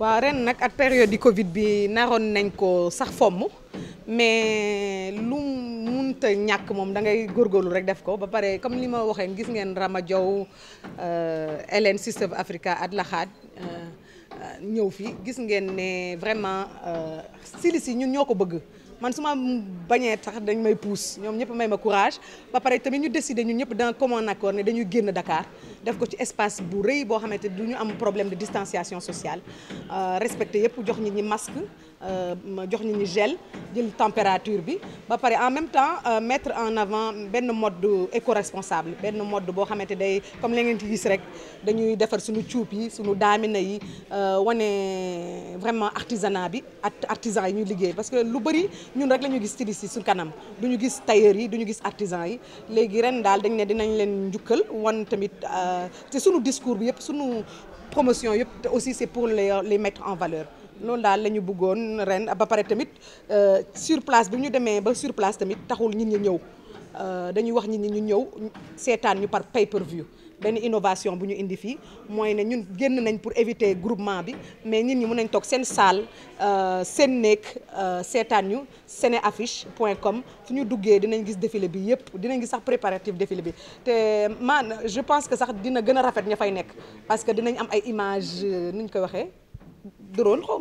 waaw ren nag at période di Covid bi naroon nañ ko sax fomm mais lu munta ñàkk moom da ngay góorlu rek def ko ba pare comme li ma waxee gis ngeen Rama Jow euh, Hélène Sisters of Africa at laxaat euh, ñëw fii gis ngeen ne vraiment euh, stylistes yi ñun ñoo ko bëgg man su ma bañee tax dañ may pousse ñoom ñëpp may ma courage ba pare tamit ñu décider ñun ñëpp d'un commun accord ne dañuy génn dakaar def ko ci espace bu rëy boo xamante du ñu am problème de distanciation sociale euh, respecté yëpp jox nit ñi masque Euh, ma jox ñu ni gel jël température bi ba pare en même temps euh, mettre en avant benn mode éco-responsable benn mode boo xamante day comme la ngeen ci gis rek dañuy defar suñu cuub yi suñu daamina yi euh, wane vraiment artisanat bi at artisan yi ñu liggéey parce que lu bëri ñun rek la ñu gis styliste yi su kanam du ñu gis tailleur yi du gis artisan yi léegi ren daal dañ ne dinañ leen njukkal wan tamit te suñu discours bi yëpp suñu promotion yëpp te aussi c'est pour les les mettre valeur loolu daal la ñu bëggoon ren ba pare tamit euh, sur place bi ñu demee ba surplace place tamit taxul nit ñi ñëw euh, dañuy wax nit ñi ñu ñëw seetaan ñu par pay per view benn innovation bu ñu indi fii mooy ne ñun génn nañ pour éviter groupement bi mais nit ñi mun nañ toog seen salle euh, seen néeg seetaan ñu affiche point comme su ñu duggee dinañ gis défilé bi yëpp dinañ gis sax préparatif défilé bi te man je pense que sax dina gën a rafet ñu fay nekk parce que dinañ am ay image nuñ koy waxee drone xaw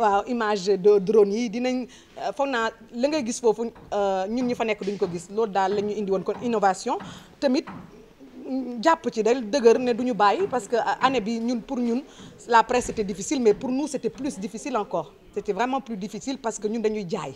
waaw image de drone yi dinañ euh, foog naa la ngay gis foofu euh, ñun ñi fa nekk duñ ko gis loolu daal la ñu indi woon kon innovation tamit mm, jàpp ci dal dëgër ne duñu bàyyi parce que euh, année bi ñun pour ñun la presse c'était difficile mais pour nous c'était plus difficile encore c'était vraiment plus difficile parce que ñun dañuy jaay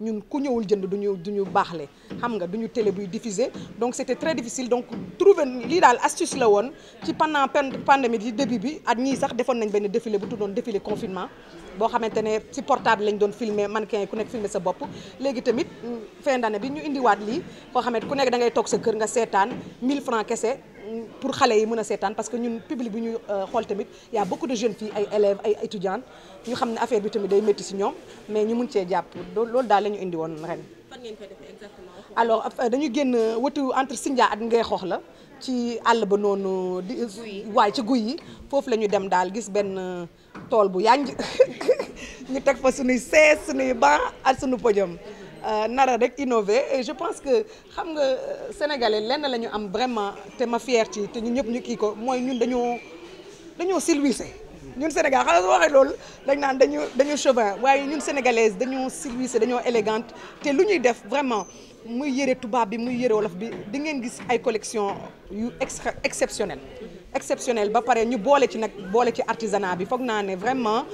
ñun ku ñëwul jënd duñu duñu baaxle xam nga duñu télé buy diffuser donc c'était très difficile donc trouver lii daal astuce la woon ci pendant pandémie di début bi at ñii sax defoon nañ benn défilé bu tuddoon défilé confinement boo xamante ne ci portable lañ doon filmer man yi ku nekk filmer sa bopp léegi tamit mm, fin d'année bi ñu indiwaat lii koo xamante ku nekk da ngay toog sa kër nga seetaan 1000 francs kese pour xale yi mën a seetaan parce que ñun public bi ñuy euh, xool tamit y a beaucoup de jeunes ay élèves ay étudiants ñu xam ne affaire bi tamit day métti si ñoom mais ñu mun cee jàpp loolu daal la ñu indi woon ren. fan ngeen koy defee exactement. alors euh, dañu génn euh, wëtu entre at ak Ngéxoox la ci àll ba noonu. di waay ci guy yi foofu la ñu dem daal gis benn tool bu yànj ñu teg fa suñuy sees suñuy banc ak sunu podium. Euh, nara rek innover et je pense que xam nga euh, sénégalais lenn la ñu am vraiment te ma fier ci te ñu ñëpp ñu kii ko mooy ñun dañoo dañoo silwise ñun Sénégal xanaa su waxee loolu dañ naan dañu dañu chauvin waaye ñun sénégalaise dañoo silwise dañoo élégante te lu ñuy def vraiment muy yëre tubaab bi muy yëre wolof bi di ngeen gis ay collection yu extra exceptionnel ba pare ñu boole ci nag boole ci artisanat bi foog naa ne vraiment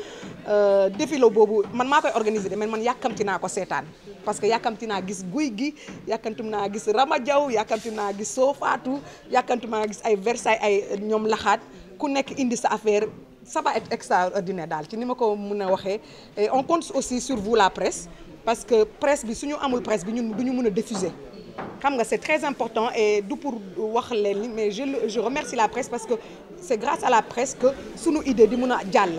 euh, défilé boobu man maa koy organiser de mais man yàkkamti naa ko seetaan parce que yàkkamti naa gis guy gi yàkkamtum naa gis a Jaw yàkkamti naa gis Soofaatu yàkkamti naa gis ay Versailles ay ñoom laxaat ku nekk indi sa affaire ça va être extraordinaire daal ci ni ma ko mun a waxee on compte aussi sur vous la presse parce que presse bi suñu amul presse bi ñun du ñu mun a diffuser xam nga c'est très important et du pour wax leen li mais je je remercie la presse parce que c'est grâce à la presse que idée di mun a jàll.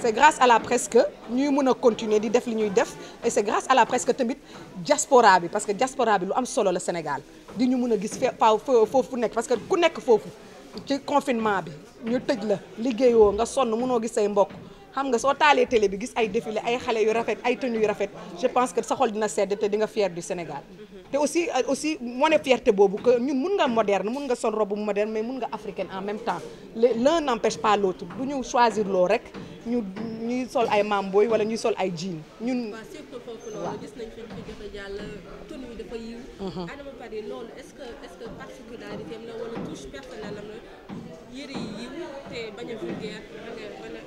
c'est grâce à la presque ñuy mën a continuer di def ñuy def et c'est grâce à la presse tamit diaspora bi parce que jaspora bi lu am solo la Sénégal di ñu mën a gis fa foofu fu nekk parce que ku nekk foofu ci confinement bi ñu tëj la liggéeyoo nga sonn mënoo gis say mbokk xam nga soo taalee télé bi gis ay défilé ay xale yu rafet ay tenues yu rafet je pense que sa xol dina sedd te di Sénégal te aussi euh, aussi wane fierté boobu que ñun mun nga moderne mun nga sol robe moderne mais mun nga africaine en même temps l'un n'empêche pas l'autre du ñu choisir loo rek ñu sol ay mamboy wala ñuy sol ay jean ñun waaw surtout a vulgaire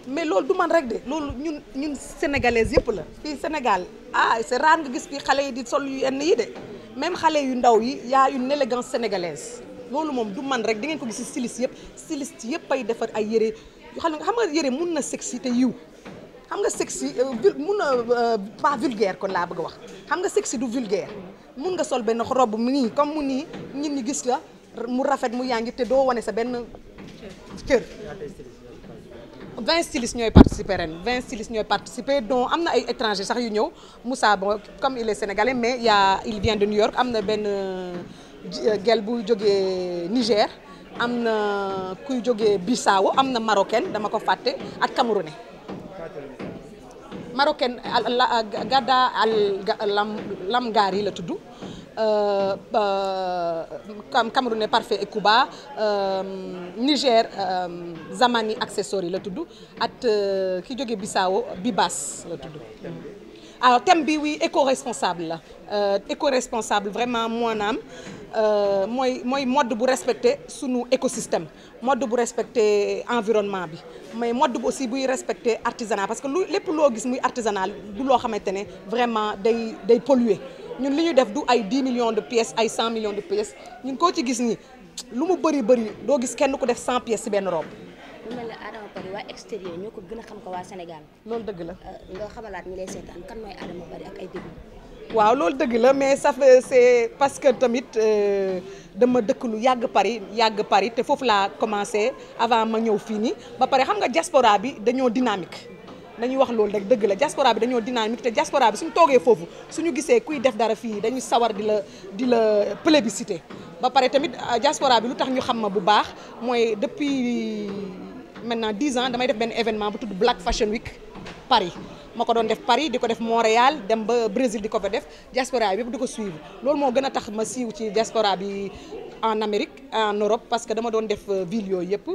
mais loolu du man rek de loolu ñun ñun sénégalaises yëpp la fii Sénégal ah c'est rare nga gis fii xale yi di sol yu yi de même xale yu ndaw yi y a une élégance sénégalaise loolu moom du man rek di ngeen ko gis styliste yëpp styliste yëpp ay defar ay yére yoo xam nga xam nga yére mun na sexy te yiw xam nga sexy euh, vul mun na euh, pas vulgaire kon laa bëgg a wax xam nga sexy du vulgaire mun nga sol benn robe mu nii comme mu nii ñit ñi gis la mu rafet mu yaa ngi te doo wane sa benn cër vingt stylistes ñooy participer ren vingt stylistes ñooy participer dont am na ay étrangers sax yu ñëw Moussa bon comme il est sénégalais mais y a il vient de New York am na benn euh, euh, gel bu jógee Niger am na kuy jógee Bissau am na marocaine dama ko fàtte ak camerounais marocaine Gada Al Lamgari la tudd Euh, euh, Camerounais parfait et Cuba euh, Niger Zamani Accessory la tudd at ki jóge Bissau Bibas la tudd alors thème bi wuy éco-responsable la éco-responsable vraiment moo naam mooy mooy mode bu respecter sunu écosystème mode bu respecter environnement bi mais mode bu aussi buy respecter artisanat parce que lu lépp loo gis muy artisanal du loo xamante ne vraiment day day polluer ñun li ñu def du ay 10 millions de pièces ay cent millions de pièces ñun koo ci gis ni lu mu bëri bëri doo gis kenn ku def 100 pièces ci benn robe. bu ñoo ko gën a xam ko waa Sénégal. loolu dëgg la. Euh, nga xamalaat ñi waaw loolu dëgg la mais sa fait c'est parce que tamit euh, dama dëkk lu yàgg pari yàgg pari te foofu laa commencé avant ma ñëw fii nii ba pare xam nga jaspora bi dañoo dynamique. dañuy wax loolu rek dëgg la diaspora bi dañoo dynamique te diaspora bi suñu toogee foofu suñu gisee kuy def dara fii dañuy sawar di la di la plébiscité ba pare tamit euh, diaspora bi lu tax ñu xam ma bu baax mooy depuis maintenant dix ans damay def benn événement bu tudd Black Fashion Week Paris ma ko doon def Paris di ko def Montréal dem ba Brésil di ko ko def diaspora bi yëpp di ko suivre loolu moo gën a tax ma siiw ci diaspora bi en Amérique en Europe parce que dama doon def euh, ville yooyu yëpp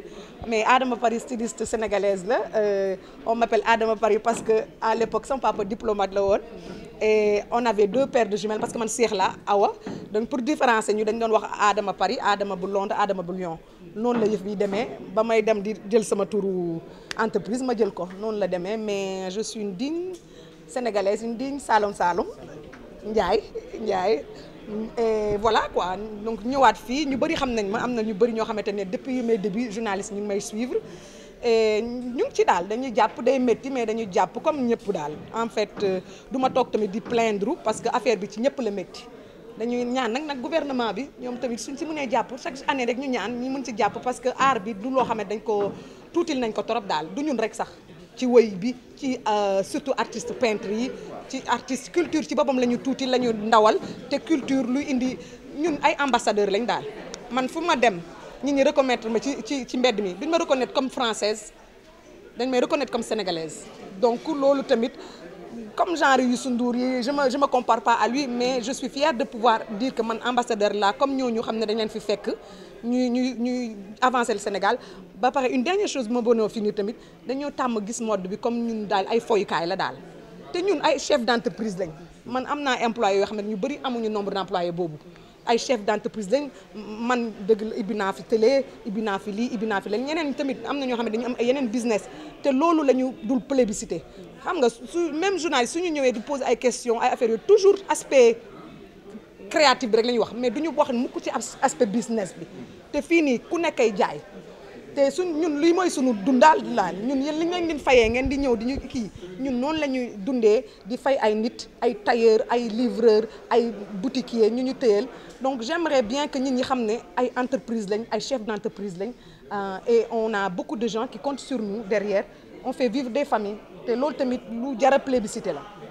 mais Adama Paris styliste sénégalaise la euh, on m'appelle Adama Paris parce que à l'époque sama papa diplomate la woon et on avait deux paires de jumelles parce que man seex la awa donc pour différencier ñu dañ doon wax Adama Paris Adama bu Londres Adama bu Lyon noonu la yëf yi demee ba may dem di jël sama turu entreprise ma jël ko noonu la demee mais je suis une digne sénégalaise une saalum Saloum Saloum et voilà quoi donc ñëwaat fii ñu bëri xam nañ ma am na ñu bëri ñoo xamante ne depuis mes débuts journaliste ñu may suivre et ñu ngi ci daal dañuy jàpp day metti mais dañuy jàpp comme ñëpp daal en fait euh, du ma toog tamit di plaindre parce que affaire bi ci ñëpp la métti dañuy ñaan nag nag gouvernement bi ñoom tamit suñ si mënee jàpp chaque année rek ñu ñaan ñu mën si jàpp parce que aar bi du loo xam ne dañ ko tuutil nañ ko trop daal du ñun rek sax ci woy bi ci euh, surtout artiste peintre yi ci artiste culture ci boppam la ñu tuuti la ñu ndawal te culture luy indi ñun ay ambassadeur lañ daal man fu ma dem nit ñi reconnaître ma ci ci ci mbedd mi duñ ma reconnaître comme française dañ may reconnaître comme sénégalaise donc loolu tamit comme genre yu Ndour yi je me je me compare pas à lui mais je suis fière de pouvoir dire que man ambassadeur laa comme ñooñu xam ne dañ leen fi fekk ñuy ñuy ñuy avancer le Sénégal ba pare une dernière chose bu ma bonoo fi tamit dañoo tàmm gis mode bi comme ñun daal ay foyukaay la daal te ñun ay chef d'entreprise lañ man am naa employé yoo xam ne ñu bëri amuñu nombre d'employé boobu ay chef d'entreprise lañ man dëgg la ibbi naa fi télé ibbi naa fi lii ibbi naa fi lañ ñeneen tamit am na ñoo xam ne dañu am ay yeneen business te loolu la ñu dul plébiscité xam nga su même journaliste suñu ñëwee di poser ay questions ay affaires yooyu toujours aspect créatif bi rek la ñuy wax mais duñu wax mukk ci aspect business bi te fii nii ku nekk ay jaay te suñ ñun lii mooy sunu dundaal dundaal ñun yéen li ngeen di fayee ngeen di ñëw di ñu kii ñun noonu la ñuy dundee di fay ay nit ay tailleur ay livreur ay boutiquier ñu ñu téyeel donc j'aimerais bien que ñun ñi xam ne ay entreprise lañ ay chef d'entreprise lañ euh, et on a beaucoup de gens qui comptent sur nous derrière on fait vivre des familles te loolu tamit lu jar a plébiscité la